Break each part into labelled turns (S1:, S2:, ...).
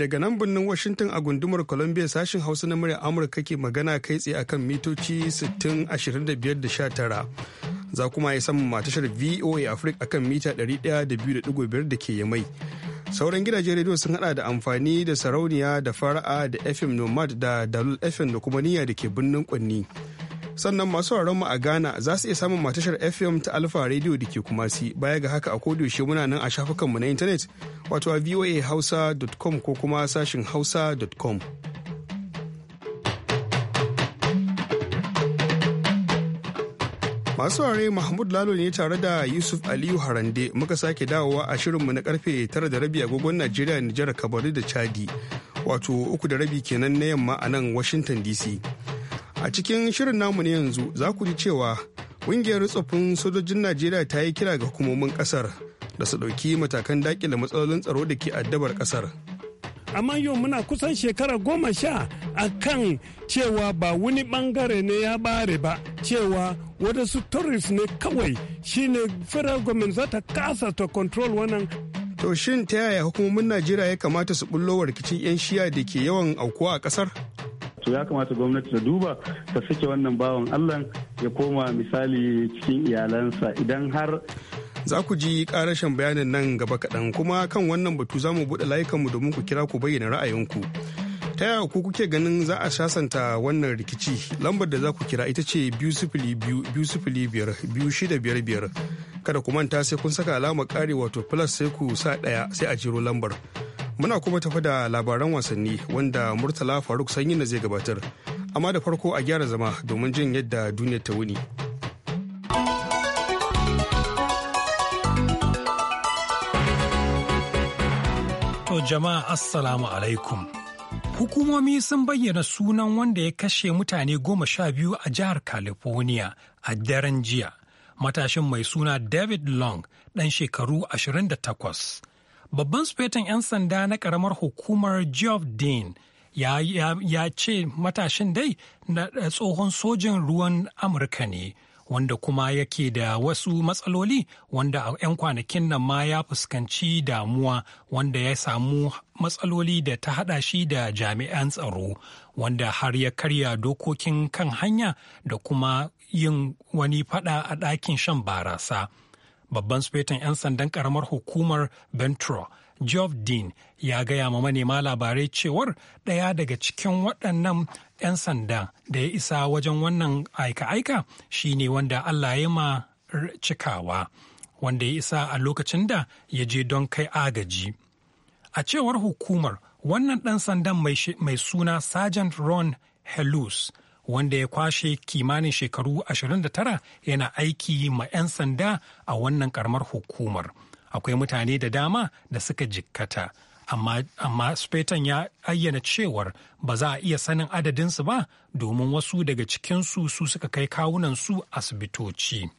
S1: daga nan birnin Washington a gundumar Columbia sashin Hausa na murya Amurka ke magana kai tsaye akan mitoci 6025 Za kuma ya samun matashar VOA Africa akan mita 102.5 da ke yamai. Sauran gidajen rediyo sun hada da amfani da sarauniya da fara'a da FM Nomad da Dalul FM da kuma niyya da ke birnin Kwanni. sannan masu mu a Ghana za su iya samun matashar FM ta Alfa Radio da ke kuma baya ga haka a kodiyoshe muna nan a shafukanmu na intanet wato a voahausa.com ko kuma sashin hausa.com. masu ware mahmud lalo ne tare da yusuf aliyu harande muka sake dawowa a shirinmu na karfe 9 da rabi agogon najeriya nijar kabari da chadi wato uku da rabi kenan na yamma a nan washington dc A cikin shirin namu ne yanzu za ku ji cewa ƙungiyar tsoffin sojojin Najeriya ta yi kira ga hukumomin ƙasar da su ɗauki matakan daƙile matsalolin tsaro da ke addabar ƙasar.
S2: amma yau muna kusan shekara goma sha a kan cewa ba wani ɓangare ne ya bare ba cewa su tourist ne kawai shine federal government za ta kasa ta control wannan
S1: to shin ta yaya hukumomin najeriya ya kamata su bullo rikicin 'yan shiya da ke yawan aukuwa a
S3: kasar to ya kamata gwamnati ta duba ta sake wannan bawan allah ya koma misali cikin iyalansa idan har
S1: za ku ji karashin bayanin nan gaba kaɗan kuma kan wannan batu za mu buɗe layukanmu domin ku kira ku bayyana ra'ayinku ta yaya ku kuke ganin za a sasanta wannan rikici lambar da za ku kira ita ce biyu biyu sifili biyar biyu shida biyar biyar kada ku manta sai kun saka alamar kare wato plus sai ku sa ɗaya sai a jiro lambar Muna kuma tafi da labaran wasanni wanda Murtala Faruk Sanyi na zai gabatar. Amma da farko a gyara zama domin jin yadda duniyar ta wuni.
S4: To jama'a Assalamu alaikum. Hukumomi sun bayyana sunan wanda ya kashe mutane goma sha biyu a jihar California a daren jiya. Matashin mai suna David Long ɗan shekaru 28 Babban sufetan 'yan sanda na ƙaramar hukumar Geoff Dean ya, ce matashin dai na eh, tsohon sojin ruwan Amurka ne. wanda kuma yake da wasu matsaloli wanda a 'yan kwanakin nan ma ya fuskanci damuwa wanda ya samu matsaloli da ta hada shi da jami'an tsaro wanda har ya karya dokokin kan hanya da kuma yin wani fada a ɗakin shan barasa. babban sufetin 'yan sandan karamar hukumar Bentro, Geoff Dean, ya gaya ma manema labarai cewar ɗaya daga cikin waɗannan 'yan sanda da ya isa wajen wannan aika-aika shine wanda Allah ya ma cikawa, wanda ya isa a lokacin da ya je don kai agaji. A cewar hukumar, wannan ɗan sandan mai suna Sergeant Ron Helus wanda ya kwashe kimanin shekaru 29 yana aiki ma 'yan sanda a wannan karamar hukumar akwai mutane da dama da suka jikkata amma, amma spetan ya ayyana cewar ba za a iya sanin adadinsu ba domin wasu daga cikinsu su suka kai kawunansu asibitoci.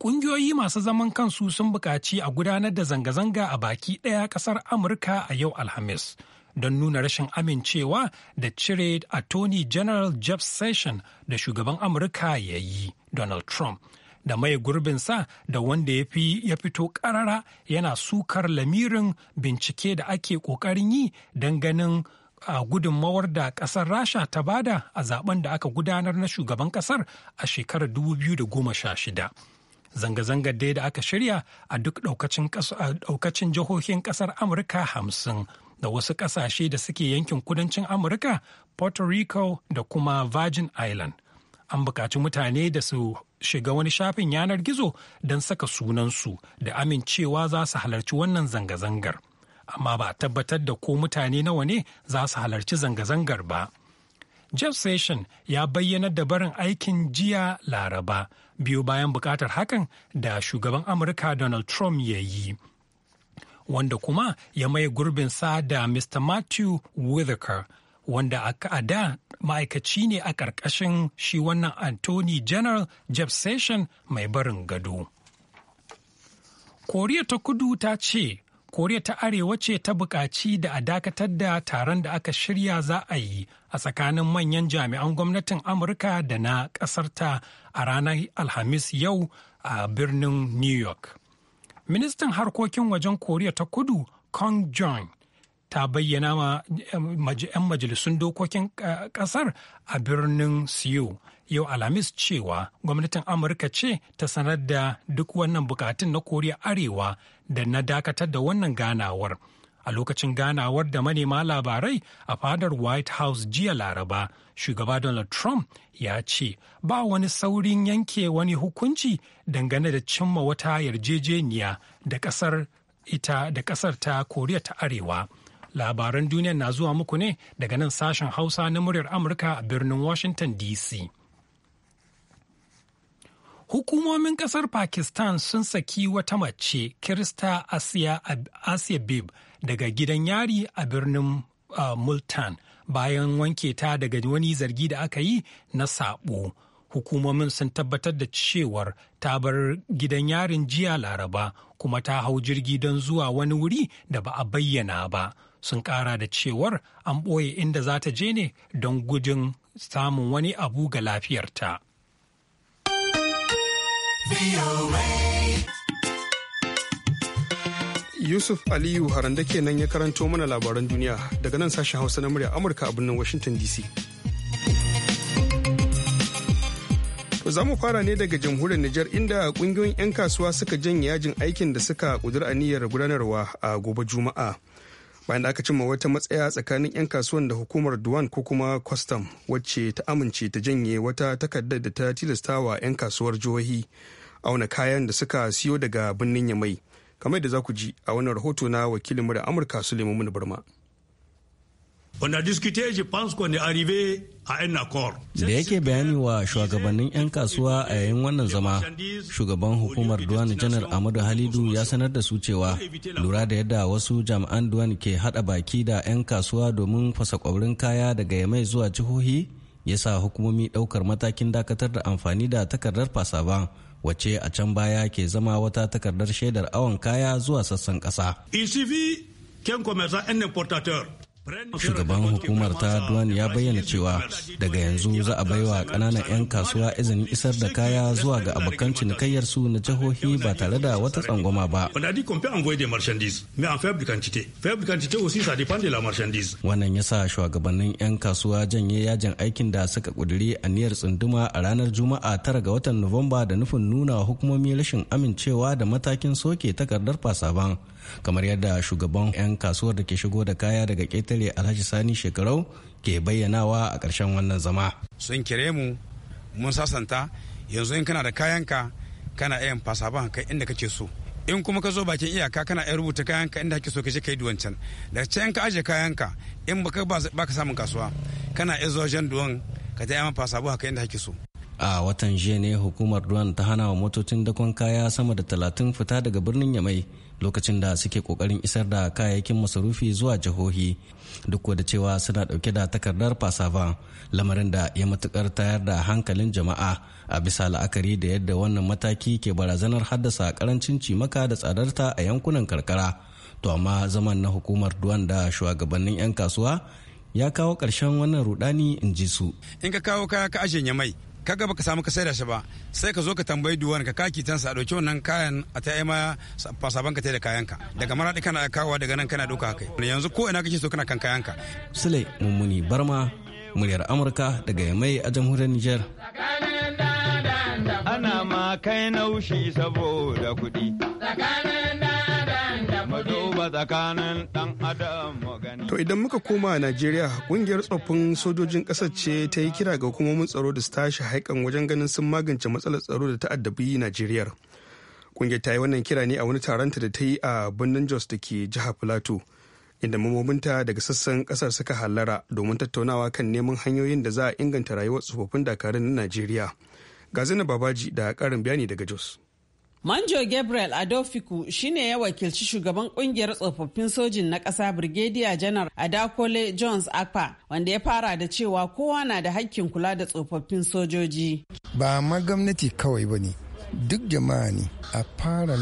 S4: Ƙungiyoyi masu zaman kansu sun buƙaci a gudanar da zanga-zanga a baki ɗaya ƙasar Amurka a yau Alhamis. don nuna rashin amincewa da cire Tony general jeff session da shugaban amurka ya yi donald trump da mai gurbinsa da wanda ya fi ya fito karara yana sukar lamirin bincike da ake kokarin yi don ganin a gudunmawar da kasar rasha ta bada a zaben da aka gudanar na shugaban kasar a shekarar 2016 zanga zanga dai da aka shirya a duk daukacin jihohin kasar amurka hamsin da wasu ƙasashe da suke yankin kudancin Amurka, Puerto Rico da kuma Virgin Island. An buƙaci mutane da su shiga wani shafin yanar gizo don saka sunansu da amincewa za su halarci wannan zanga-zangar. Amma ba a tabbatar da ko mutane nawa ne za su halarci zanga-zangar ba. Jeff Session ya bayyana da barin aikin jiya Laraba, biyu bayan bukatar hakan da shugaban Amurka Donald Trump ya yi. wanda kuma ya maye gurbin sa da Mr. Matthew Whitaker wanda a da ma'aikaci ne a ƙarƙashin shi wannan Anthony General Jeff Session mai barin gado. Koriya ta kudu ta ce Koriya ta Arewa ce ta buƙaci da a dakatar da taron da aka shirya za a yi a tsakanin manyan jami'an gwamnatin Amurka da na ƙasarta a ranar Alhamis yau a birnin New York. ministan harkokin wajen koriya ta kudu kong jong ta bayyana ma 'yan majalisun dokokin kasar eh, a birnin siyo yau alhamis cewa gwamnatin amurka ce ta sanar da duk wannan bukatun na koriya arewa da na dakatar da wannan ganawar. a lokacin ganawar da manema labarai a fadar white house jiya laraba shugaba donald trump ya ce ba wani saurin yanke wani hukunci dangane da cimma wata yarjejeniya da kasar ita da kasar ta koriya ta arewa labaran duniya na zuwa muku ne daga nan sashen hausa na muryar amurka a birnin washington dc Hukumomin kasar Pakistan sun saki wata mace Kirista Asiya, Bib daga gidan yari a birnin uh, Multan bayan wanke ta daga wani zargi da aka yi na saɓo Hukumomin sun tabbatar da cewar ta bar gidan yarin jiya Laraba kuma ta hau jirgi don zuwa wani wuri da ba a bayyana ba. Sun kara da cewar an ɓoye inda za ta je ne don gujin samun wani abu ga lafiyarta.
S1: Yusuf Aliyu Haranda kenan ya karanto mana labaran duniya daga nan sashen Hausa na murya Amurka a birnin Washington DC. To za mu fara ne daga jamhuriyar Nijar inda kungiyoyin 'yan kasuwa suka janye yajin aikin da suka kudura niyyar gudanarwa a gobe Juma'a. Bayan da aka cimma wata matsaya tsakanin 'yan kasuwan da hukumar Duwan ko kuma Custom wacce ta amince ta janye wata takardar da ta tilasta wa 'yan kasuwar jihohi auna kayan da suka siyo daga birnin yamai kamar da za ku ji a wani rahoto na wakilin mura amurka su barma mini barma.
S5: Da yake bayani wa shugabannin 'yan kasuwa a yayin wannan zama, shugaban hukumar Duwani Janar Amadu Halidu ya sanar da su cewa lura da yadda wasu jami'an Duwani ke hada baki da 'yan kasuwa domin fasa kwaurin kaya daga Yamai zuwa jihohi ya sa hukumomi daukar matakin dakatar da amfani da takardar fasa ba. wace a can baya ke zama wata takardar shaidar awon kaya zuwa sassan ƙasa.
S3: 'yan
S5: Shugaban hukumar ta Duwan ya bayyana cewa daga yanzu za a baiwa kananan 'yan kasuwa izinin isar da kaya zuwa ga abokan cinikayyar su na jihohi ba tare da wata tsangwama ba. Wannan ya sa shugabannin 'yan kasuwa janye yajin aikin da suka ƙuduri aniyar tsunduma a ranar Juma'a tara ga watan Nuwamba da nufin nuna hukumomi rashin amincewa da matakin soke takardar fasaban. kamar yadda shugaban 'yan kasuwar da ke shigo da kaya daga ketare alhaji sani shekarau ke bayyanawa a ƙarshen wannan zama
S3: sun kire mu mun sasanta yanzu in kana da kayanka kana iya fasa kai inda kake so in kuma ka zo bakin iyaka kana iya rubuta kayanka inda kake so ka je ka yi duwancan da can ka aje kayanka in baka ka samun
S2: kasuwa kana iya zuwa jan duwan ka ta yi fasa haka inda kake so
S5: a watan jiya ne hukumar duwan ta hana wa motocin dakon kaya sama da talatin fita daga birnin yamai lokacin da suke kokarin isar da kayayyakin masarufi zuwa jihohi duk da cewa suna dauke da takardar fasava lamarin da ya matukar tayar da hankalin jama'a a bisa la'akari da yadda wannan mataki ke barazanar haddasa karancin cimaka da tsadarta a yankunan karkara to amma zaman na hukumar duwan da shugabannin 'yan kasuwa ya kawo ƙarshen wannan rudani in ji su
S3: in ka kawo kaya ka ajiye mai kaga baka samu ka saida shi ba sai ka zo ka tambayi duwan ka kaki tan sa dauki wannan kayan a ta ma fasaban ka da kayanka daga maradi kana
S1: kawo daga nan kana dauka kai yanzu ko ina kake so kana kan kayanka
S5: sule mummuni barma muryar amurka daga yamai a jamhuriyar niger
S6: ana ma kai naushi saboda kuɗi dan adam To
S1: idan muka koma a Najeriya ƙungiyar tsoffin sojojin ƙasar ce ta yi kira ga hukumomin tsaro da su tashi haikan wajen ganin sun magance matsalar tsaro da ta addabi Najeriya. Kungiyar ta yi wannan kira ne a wani taronta da ta yi a birnin Jos da ke jihar Filato. Inda mamobinta daga sassan ƙasar suka hallara domin tattaunawa kan neman hanyoyin da za a inganta rayuwar tsofaffin dakarun na Najeriya. gazina Babaji da ƙarin bayani daga Jos.
S7: Manjo Gabriel Adofiku shine ya wakilci shugaban kungiyar tsofaffin sojin na ƙasa Brigadier General Adakole Jones Akpa wanda ya fara da cewa kowa na da hakkin kula da tsofaffin sojoji.
S6: Ba ma gwamnati kawai ba ne, duk jama'a ne a fara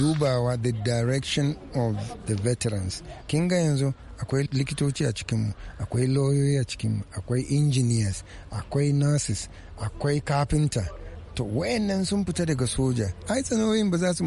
S6: dubawa the direction
S4: of the veterans. Kin ga yanzu akwai likitoci a cikinmu akwai lauyoyi a cikinmu akwai engineers akwai nurses akwai carpenter to wayannan sun fita daga soja ai tsanoyin ba za su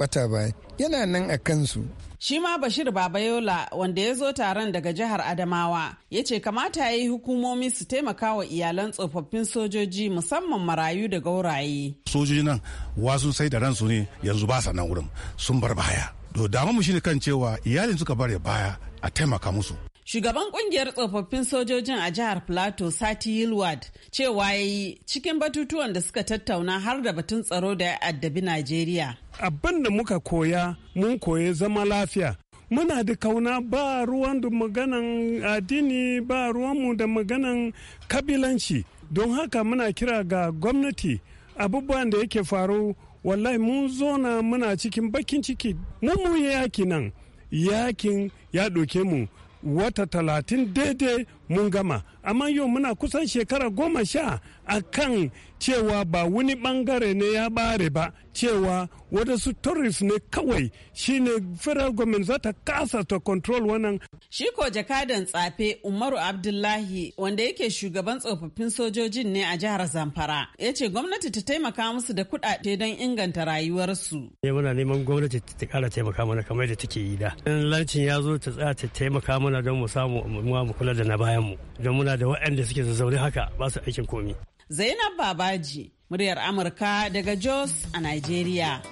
S4: bata ba yana nan a kansu
S7: Shi ma Bashir Babayola wanda ya zo taron daga jihar Adamawa ya ce kamata ya yi hukumomi su taimaka wa iyalan tsofaffin sojoji musamman marayu da gauraye.
S3: Sojoji nan wasu sai da ransu ne yanzu ba sa nan wurin sun bar baya. To damu mu ne kan cewa iyalin suka bare baya a taimaka musu.
S7: Shugaban kungiyar tsofaffin sojojin a jihar plato Sati Yilward cewa ya yi cikin batutuwan da suka tattauna har da batun tsaro da ya addabi Najeriya.
S2: Abin da muka koya mun koye zama lafiya. Muna da kauna ba ruwan da maganan
S7: addini ba
S2: ruwanmu da maganan kabilanci. Don haka muna kira ga gwamnati abubuwan da yake faru wallahi mun zona muna cikin bakin ciki mu mu yaki nan yakin ya ɗoke mu wata talatin daidai mun gama amma yau muna kusan shekara goma sha a kan cewa ba wani bangare ne ya bare ba cewa wadansu turist ne kawai shine federal government za ta kasa ta control wannan
S7: shi ko jakadan tsafe umaru abdullahi wanda yake shugaban tsofaffin sojojin ne a jihar zamfara ya ce gwamnati ta taimaka musu da kudade don inganta rayuwarsu ne
S2: eh, muna neman gwamnati ta kara taimaka mana kamar da take yi da in lancin ya zo ta tsaya ta taimaka mana don mu samu mu kula da na baya bayanmu da muna da waɗanda suke zazzaune haka ba su aikin komi.
S7: Zainab Babaji, muryar Amurka daga Jos a Nigeria.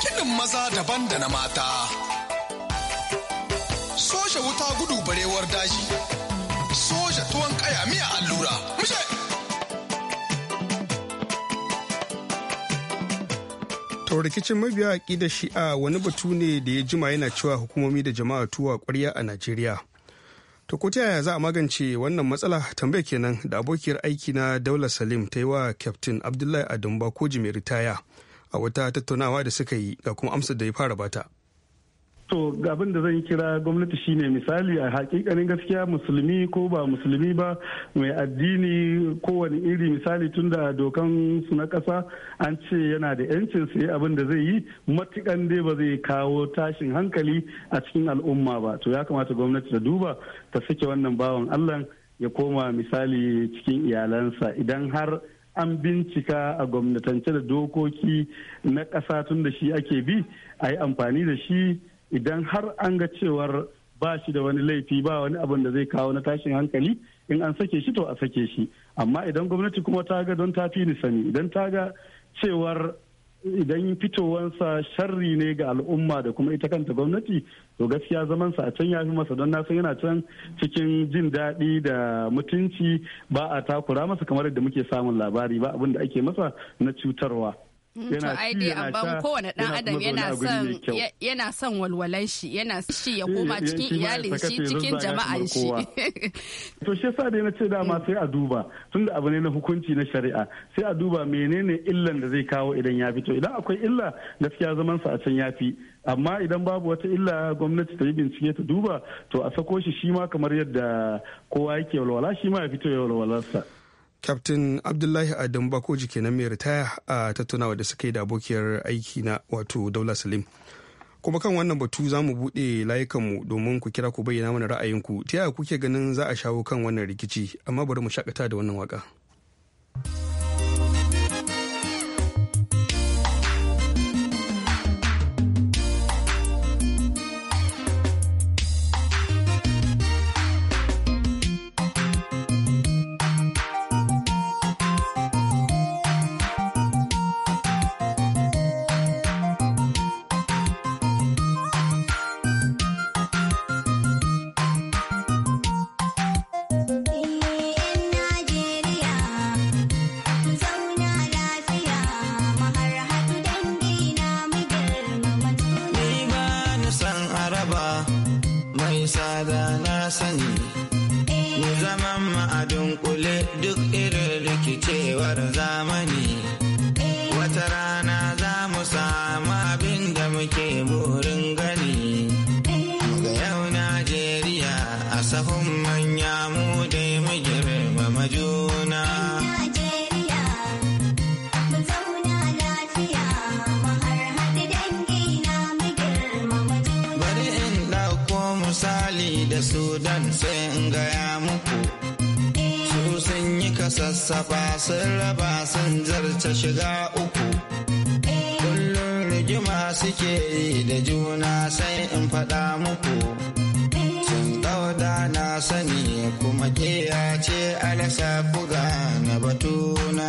S7: Kinin maza daban
S1: da na mata. Soja wuta gudu barewar daji. Soja tuwon kaya miya allura. To rikicin mabiya aƙidar shi'a wani batu ne da ya jima yana cewa hukumomi da jama'a tuwa ƙwarya a Najeriya. To ko ta yaya za a magance wannan matsala tambaya kenan da abokiyar aiki na Daula Salim ta yi wa Kyaftin Abdullahi Adamba ji mai ritaya a wata tattaunawa da suka yi ga kuma amsar da ya fara bata.
S3: To abin da zan kira gwamnati shine misali a hakikanin gaskiya musulmi ko ba musulmi ba mai addini kowane iri misali tun da dokan su na kasa an ce yana da yancin sai abin da zai yi matukan dai ba zai kawo tashin hankali a cikin al'umma ba to ya kamata gwamnati ta duba ta sake wannan bawan Allah ya koma misali cikin iyalansa idan har an bincika a gwamnatance da dokoki na ƙasa tun da shi ake bi a yi amfani da shi idan har an ga cewar ba shi da wani laifi ba wani abin da zai kawo na tashin hankali in an sake shi to a sake shi amma idan gwamnati kuma ta ga don ta fi ni sani idan ta ga cewar idan fitowansa sharri ne ga al'umma da kuma ita kanta gwamnati to gaskiya zaman sa a can ya fi masa don nasan yana can cikin jin daɗi da mutunci ba a takura masa kamar yadda muke samun labari ba abin da ake masa na cutarwa
S7: Mm, yana yana sha kowane dan adam yana son yana son walwalan shi yana eh, eh, shi ya koma cikin iyalin shi cikin jama'an shi
S3: to shi yasa dai na ce dama eh. sai a duba tunda abu ne na hukunci na shari'a sai a duba menene illan da zai kawo idan ya fito idan akwai illa gaskiya zaman sa a can ya fi amma idan babu wata illa gwamnati ta yi bincike ta duba to a sako shi shi ma kamar yadda kowa yake walwala shi ma ya fito ya walwalarsa
S1: Captain Abdullahi Adam Bakoji kenan mai ritaya a tattaunawa da suka yi da abokiyar aiki na wato Daula Salim. Kuma kan wannan batu za mu buɗe layukanmu domin ku kira ku bayyana mana ra'ayinku ta yaya kuke ganin za a shawo kan wannan rikici amma bari mu shakata da wannan waka.
S6: sun raba sanjar ta shiga uku kullum rigima suke yi da juna sai in faɗa muku sun ɗauda na sani kuma ce alasa buga na batuna.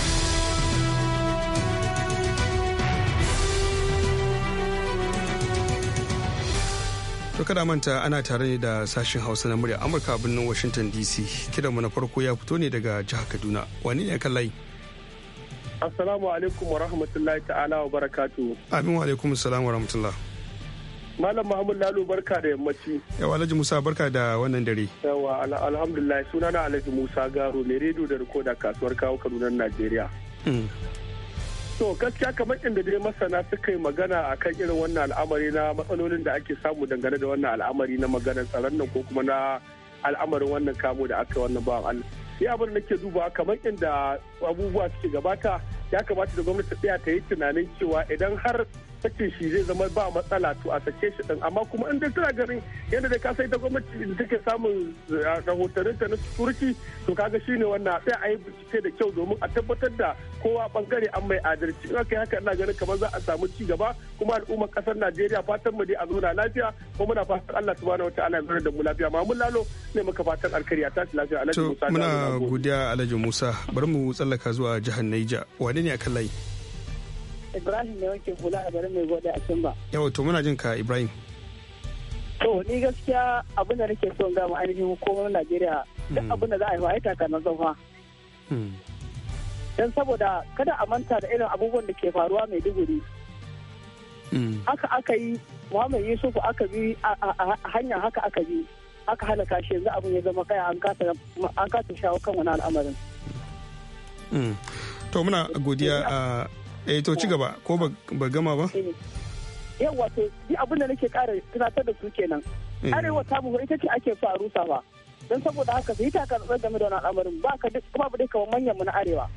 S1: To kada manta ana tare ne da sashen Hausa na murya Amurka birnin Washington DC. Kiranmu na farko ya fito ne daga jihar Kaduna. Wani ne kallai?
S8: Assalamu alaikum wa rahmatullahi ta'ala wa barakatu.
S1: Amin wa alaikum salam wa rahmatullah.
S8: Malam Muhammad Lalu barka da yammaci.
S1: Yawa Alhaji Musa barka da wannan
S3: dare.
S8: Yawa alhamdulillah sunana Alhaji Musa Garo ne rediyo da rikoda kasuwar kawo Kaduna Najeriya. Hmm. so gaskiya kamar inda dai masana suka yi magana a kan irin wannan al'amari na matsalolin da ake samu dangane da wannan al'amari na maganar tsaron nan ko kuma na al'amarin wannan kamo da aka wannan bawan Allah sai abin da nake duba kamar inda abubuwa suke gabata ya kamata da gwamnati tsaya ta yi tunanin cewa idan har sakin shi zai zama ba matsala to a sake shi din amma kuma in dai tana garin yadda da ka sai da gwamnati da take samun eh, rahotannin ta na turki to kaga shine wannan sai a yi bincike da kyau domin a tabbatar da kowa bangare an mai adalci in aka yi haka ina ganin kamar za a samu ci gaba kuma al'ummar kasar Najeriya fatan mu dai a zauna lafiya kuma muna fatan Allah subhanahu wataala ya zauna da mu lafiya mamun lalo ne muka fatan alkhairi ta lafiya Alhaji
S1: Musa muna godiya Alhaji Musa bari mu tsallaka zuwa jihar Niger wane ne akan layi
S8: Ibrahim ne wanke hula a garin mai gode a Simba.
S1: Yawa to muna jin ka Ibrahim.
S8: To ni gaskiya abin da nake son gama ainihin hukumar Najeriya duk hmm. abin da za a yi wa ita kana zama. Hmm. Don saboda kada a manta da irin abubuwan da ke faruwa mai duguri. Hmm. Haka aka yi Muhammad Yusufu aka bi a hanya haka aka bi aka halaka shi yanzu abin ya zama kaya an kasa shawo kan wani al'amarin.
S1: To muna godiya a eh to ci gaba ko ba gama ba eh.
S8: yawa to yi abin da nake kara tunatar da su kenan eh. arewa ta buhari ita ce ake faru a rusa ba don saboda haka sai ta karɓar game da wani al'amarin ba ka ba dai kamar manyan mu na arewa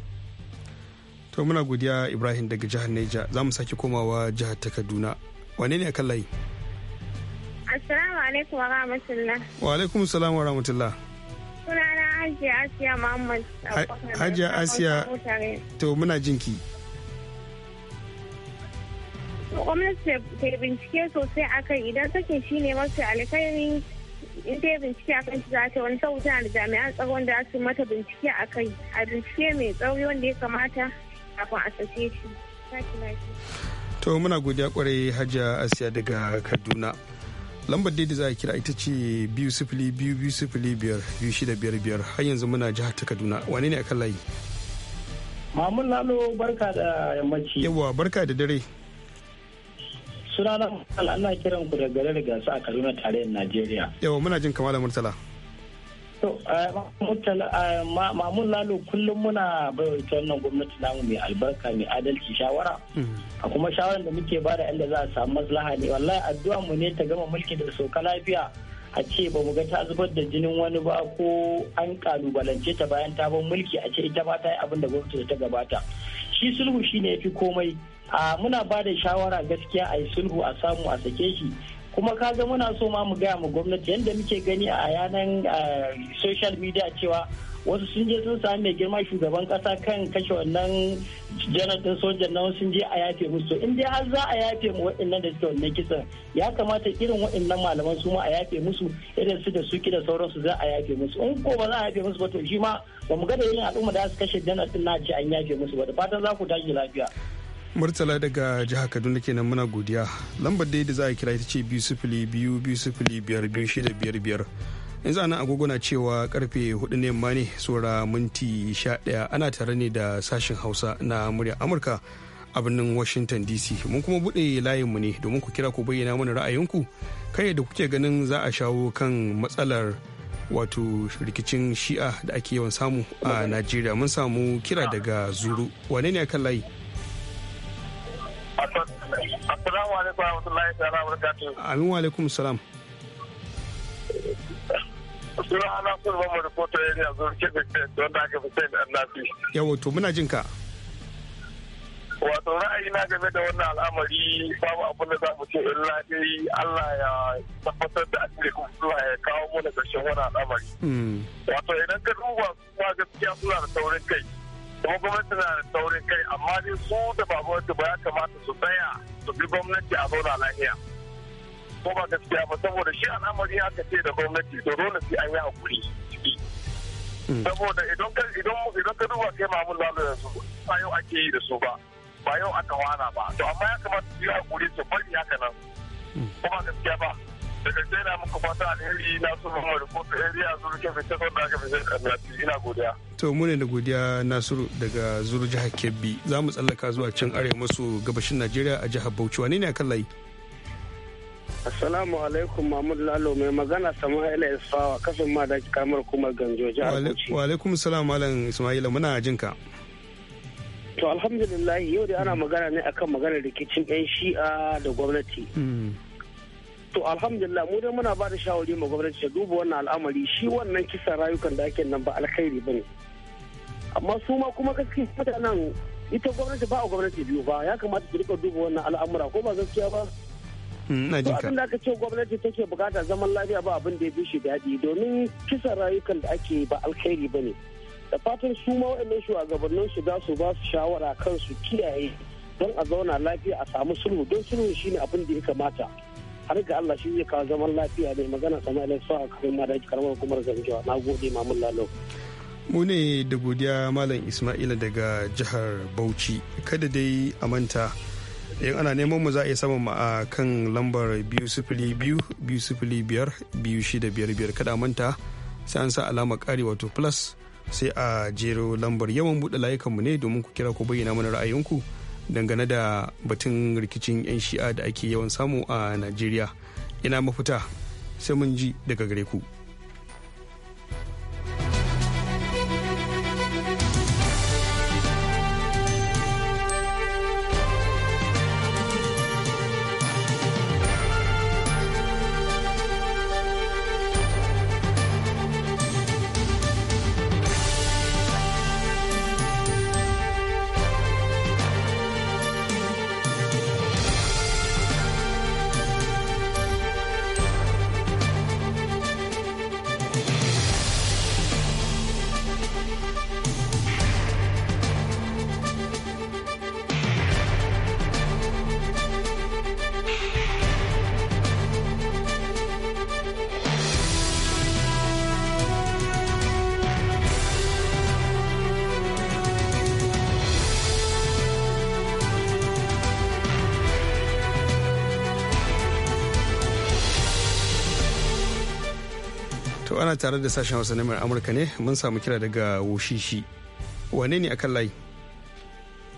S1: to muna godiya ibrahim daga jihar neja za mu sake komawa jihar ta kaduna wane ne a kan layi
S6: assalamu alaikum wa rahmatullah
S1: wa alaikum salam wa rahmatullah
S6: sunana hajiya asiya muhammad hajiya asiya
S1: to muna jinki
S6: gwamnati ta bincike sosai akan idan sakin shi ne mafi alkhairi in ta bincike akan shi za ta wani tana da jami'an tsaron da su mata bincike a kai a bincike mai tsauri wanda ya kamata kafin a sake shi
S1: to muna godiya kwarai hajiya asiya daga kaduna lambar da za a kira ita ce biyu sifili biyu biyu sifili biyar biyu shida biyar biyar har yanzu muna jihar ta kaduna wane ne akan layi mamun lalo barka da yammaci yawa barka da dare
S8: sunana murtala ana kiran ku da garin gasa a kaduna tarayyar najeriya
S1: yawa muna jin kamar murtala
S9: to eh, eh, mamun lalo kullum muna bai wannan gwamnati namu mai albarka mai adalci shawara hmm. a kuma shawarar da muke bada yadda za a samu maslaha ne wallahi addu'a mu ne ta gama mulki da soka lafiya a ce ba mu ga ta zubar da jinin wani ba ko an kalubalance ta bayan ta bar mulki a ce ita ba ta yi abin da gwamnati ta gabata shi sulhu shi ne ya fi komai a muna ba da shawara gaskiya a yi sulhu a samu a sake shi kuma kaga muna so ma mu gaya mu gwamnati yadda muke gani a yanan
S8: social media cewa wasu sun je sun sami mai girma shugaban kasa kan kashe
S9: wannan janar din sojan nan sun je a yafe musu in dai har za a yafe mu waɗannan da suke wannan kisan ya kamata irin waɗannan malaman su ma a yafe musu irin su da suki da sauransu za a yafe musu in ko ba za a yafe musu ba to shi ma ba mu ga da yin al'umma da su kashe janar din na ce an
S8: yafe musu ba da fatan za ku tashi lafiya
S1: murtala daga jihar kaduna kenan muna godiya lambar dai da za a kira ita ce biyu sifili biyu biyu sifili biyar biyu shida biyar biyar yanzu ana agogo na cewa karfe hudu ne ma ne saura minti sha daya ana tare ne da sashen hausa na murya amurka a birnin washington dc mun kuma buɗe layin mu ne domin ku kira ku bayyana mana ra'ayinku kai da kuke ganin za a shawo kan matsalar wato rikicin shi'a da ake yawan samu a najeriya mun samu kira ah. daga zuru wane ne akan layi
S8: Assalamu alaikum wa rahmatullahi ta'ala wa barakatuh.
S1: Amin wa alaikum salam. Suna ana ba ya a don da aka da annafi.
S8: Yawo muna jin ka. Wato ra'ayi na game da wannan al'amari babu abin da za mu ce in dai Allah ya tabbatar da ake kuma suna ya kawo mana ƙarshen wani al'amari. Hmm. Wato idan ka duba kuma gaskiya suna da saurin kai. kuma gwamnati na da saurin kai amma dai su da ba gwamnati ba ya kamata su tsaya su bi gwamnati a zauna lafiya ko ba gaskiya ba saboda shi al'amari aka ce da gwamnati to dole sai an yi hakuri hmm. saboda idan ka idan idan ka duba kai mamun lalu da su ba yau ake yi da su ba ba yau aka wana ba to amma ya kamata su yi hakuri su bari haka nan hmm. kuma gaskiya ba daga muku fata alheri na suna mamma da kofi area zuru kefi ta da aka fi sai ina godiya.
S1: to mu ne da godiya nasiru daga zuru jihar kebbi za mu tsallaka zuwa can arewa maso gabashin najeriya a jihar bauchi wani ne a kan layi.
S8: Assalamu alaikum Mahmud Lalo mai magana Sama'ila Isfawa kafin ma da kamar kuma ganjo jihar Bauchi.
S1: Wa alaikum salam Malam Ismaila muna jin ka.
S8: To alhamdulillah yau da ana magana ne akan maganar rikicin 'yan shi'a da gwamnati. Hmm. to alhamdulillah mu dai muna ba da shawari ma gwamnati ta duba wannan al'amari shi wannan kisa rayukan da ake nan ba alkhairi bane amma su ma kuma gaskiya mutanen ita gwamnati ba a gwamnati biyu ba ya kamata ta rika duba wannan al'amura ko ba gaskiya ba
S1: hmm, na abin
S8: da aka ce gwamnati take bukata zaman lafiya ba abin da ya bishi daɗi domin kisan rayukan da ake ba alkhairi bane da fatan su ma waɗannan shugabannin su za su ba su shawara kan su kiyaye don a zauna lafiya a samu sulhu don sulhu shine abin da ya kamata har ga Allah shi zai kawo zaman lafiya ne magana Sama'ila su a kafin madaji karamar hukumar Zanjawa na gode Mamun Lalo.
S1: Mu ne da godiya Malam Ismaila daga jihar Bauchi kada dai a manta yan ana neman mu za a yi saman mu a kan lambar biyu sifili biyu biyu sifili biyar biyu shida biyar biyar kada manta sai an sa alama kari wato plus sai a jero lambar yawan buɗe layukanmu ne domin ku kira ku bayyana mana ra'ayinku. dangane da batun rikicin 'yan shi'a da ake yawan samu a najeriya ina mafita sai mun ji daga gare ku. ana tare da sashen hausa na amurka ne mun samu kira daga wushishi wane ne akan layi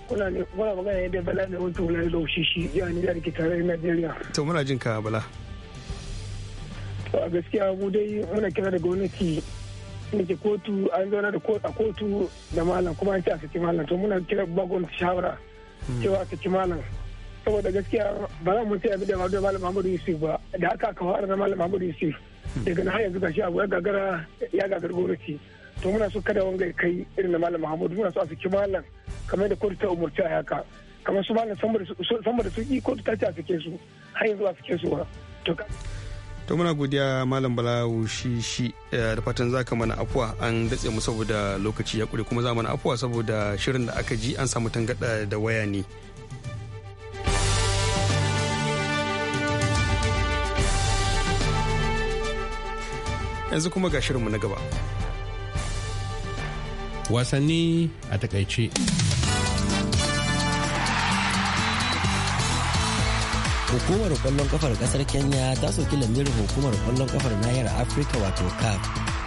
S8: kuna ne kuma magana yadda bala ne wata wani da woshishi ya ni da ke tare da najeriya
S1: to muna jin ka bala
S8: to a gaskiya mu dai muna kira da gwamnati da ke kotu an zauna da a kotu da malam kuma an ce a saki malam to muna kira ba gwamnati shawara hmm. cewa a saki malam saboda gaskiya ba za mu ce abin da malam mahmudu yusuf ba da haka aka fara na malam mahmudu yusuf daga na yanzu shi abu ya gagara ya gagara gwamnati to muna so kada wanga kai irin na malam Muhammadu muna so a saki malam kamar da kotu ta umurci a haka kamar su malam sama da suki kotu ta ce a sake su har yanzu a sake su ba to
S1: to muna godiya malam bala shi shi eh, da fatan zaka mana afuwa an datse mu saboda lokaci ya kure kuma za mana afuwa saboda shirin da aka ji an samu tangada da waya ne yanzu kuma ga shirinmu na gaba
S4: wasanni a takaice
S9: hukumar kwallon kafar kasar kenya ta soki lambirin hukumar kwallon kafar nahiyar afirka wato caf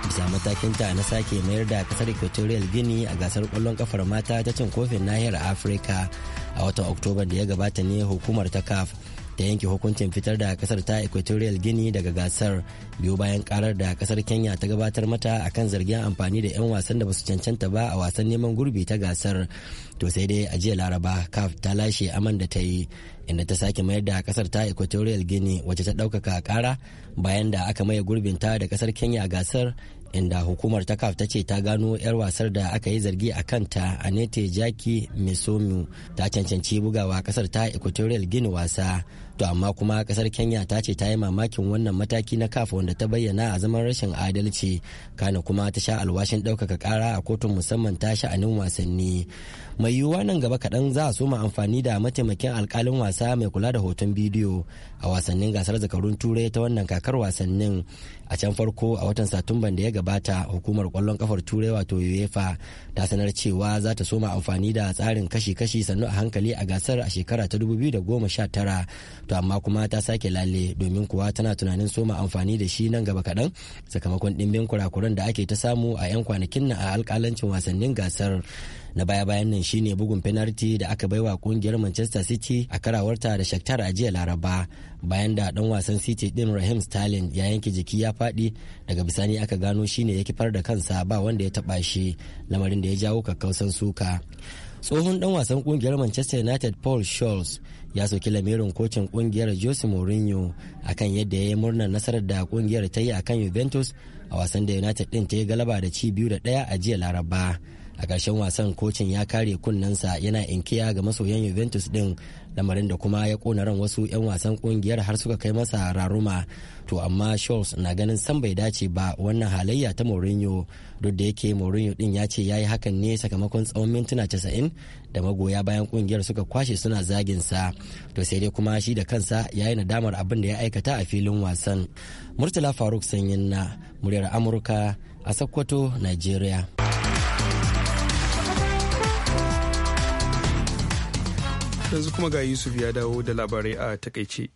S9: bisa matakinta na sake mayar da kasar equatorial guinea a gasar kwallon kafar mata ta cin kofin nahiyar afirka a watan oktoba da ya gabata ne hukumar ta caf ta yanke hukuncin fitar da kasar ta equatorial guinea daga gasar biyu bayan karar da kasar kenya ta gabatar mata akan zargin amfani da 'yan wasan da basu cancanta ba a wasan neman gurbi ta gasar to sai dai a jiya laraba caf ta lashe aman da ta yi inda ta sake mayar da kasar ta equatorial guinea wacce ta daukaka kara bayan da aka maye gurbin ta da kasar kenya gasar inda hukumar ta kaf ta ce ta gano 'yar wasar da aka yi zargi a kanta anete jaki mesomu ta cancanci bugawa kasar ta equatorial guinea wasa to amma kuma kasar kenya ta ce ta yi mamakin wannan mataki na kafa wanda ta bayyana a zaman rashin adalci kana kuma ta sha alwashin ɗaukaka ƙara a kotun musamman ta sha'anin wasanni mai yiwuwa nan gaba kaɗan za a soma amfani da mataimakin alkalin wasa mai kula da hoton bidiyo a wasannin gasar zakarun turai ta wannan kakar wasannin a can farko a watan satumban da ya gabata hukumar kwallon kafar turai wato uefa ta sanar cewa za ta soma amfani da tsarin kashi-kashi sannu a hankali a gasar a shekara ta 2019 to amma kuma ta sake lalle domin kuwa tana tunanin soma amfani da shi nan gaba kaɗan sakamakon ɗimbin kurakuran da ake ta samu a 'yan kwanakin nan a alkalancin wasannin gasar na baya-bayan nan shine bugun penalty da aka bai wa kungiyar manchester city a karawarta da shakhtar a jiya laraba bayan da dan wasan city din rahim starling ya yanke jiki ya faɗi daga bisani aka gano shine ya kifar da kansa ba wanda ya taba shi lamarin da ya jawo kakkausan suka tsohon dan wasan kungiyar manchester united paul scholes ya soki lamirin kocin kungiyar Jose Mourinho akan yadda ya yi murnar nasarar da kungiyar ta yi akan Juventus a wasan da United din ta yi galaba da ci biyu da ɗaya a jiya Laraba. A ƙarshen wasan kocin ya kare kunnensa yana inkiya ga masoyan Juventus din lamarin da kuma ya kona ran wasu 'yan wasan kungiyar har suka kai masa raruma to amma Scholes na ganin san bai dace ba wannan halayya ta Mourinho duk da yake Mourinho din ya ce yayi hakan ne sakamakon tsawon mintuna 90 da magoya bayan kungiyar suka kwashe suna zagin sa to sai dai kuma shi da kansa yayi nadamar abin da ya aikata a filin wasan Murtala Faruk Sanyin na muryar Amurka a Sokoto Nigeria
S1: yanzu kuma ga yusuf ya dawo da labarai a takaice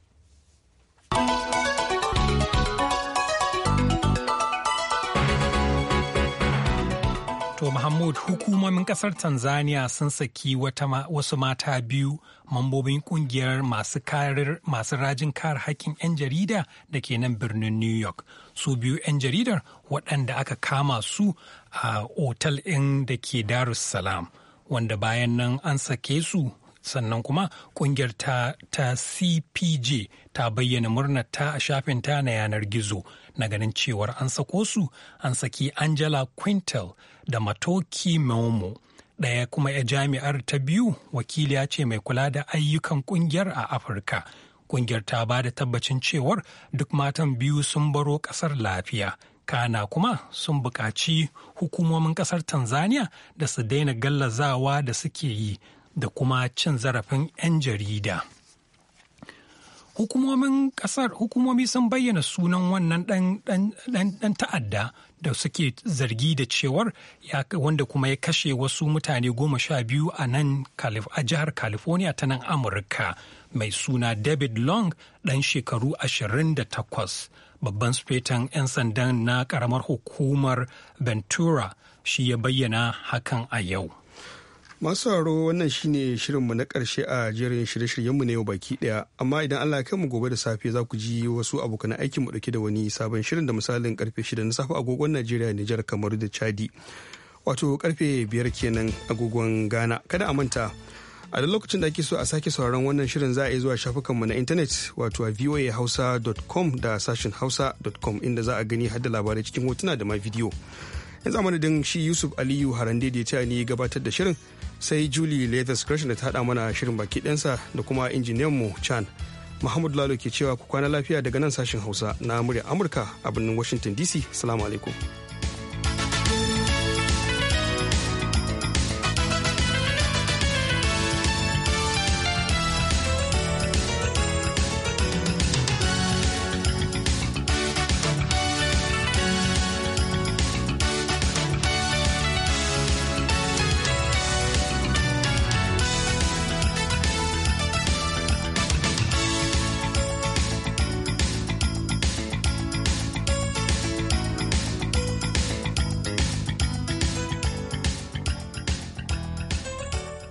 S4: To Mahmud hukumomin kasar Tanzania sun saki wasu mata biyu mambobin kungiyar masu rajin kar hakkin 'yan jarida da ke nan birnin New York. Su biyu 'yan jaridar waɗanda aka kama su a otal ɗin da ke Darussalam, wanda bayan nan an sake su sannan kuma kungiyar ta, cpj ta bayyana murnar ta a shafin ta na yanar gizo na ganin cewar an sako su an saki angela quintel da matoki momo ɗaya kuma ya jami'ar ta biyu wakiliya ce mai kula da ayyukan kungiyar a afirka kungiyar ta ba da tabbacin cewar duk matan biyu sun baro ƙasar lafiya kana kuma sun buƙaci hukumomin ƙasar tanzania da su daina gallazawa da suke yi da kuma cin zarafin 'yan jarida. Hukumomin kasar hukumomi sun bayyana sunan wannan ɗan ta'adda da suke zargi da cewar wanda kuma ya kashe wasu mutane goma sha biyu a nan a jihar California ta nan Amurka mai suna David Long ɗan shekaru 28. babban sufetan 'yan sandan na karamar hukumar ventura shi ya bayyana hakan a yau
S1: Masu sauraro wannan shine shirin mu na karshe a jerin shirye-shiryenmu na yau baki ɗaya, amma idan Allah ya mu gobe da safe za ku ji wasu abokan aikin mu dauke da wani sabon shirin da misalin karfe 6 na safe agogon Najeriya, Nijar, Kamaru da Chadi. Wato karfe 5 kenan agogon Ghana. Kada a manta a da lokacin da ake so a sake sauraron wannan shirin za a yi zuwa shafukanmu na intanet wato a voahausa.com da sashin hausa.com inda za a gani har da labarai cikin hotuna da ma bidiyo. ya zama da shi yusuf aliyu harande da ta ni gabatar da shirin sai julie leathers gresham da ta hada mana shirin baki ɗansa da kuma injiniyan mu chan muhammadu lalo ke cewa ku kwana lafiya daga nan sashen hausa na murya amurka a birnin washington dc salamu alaikum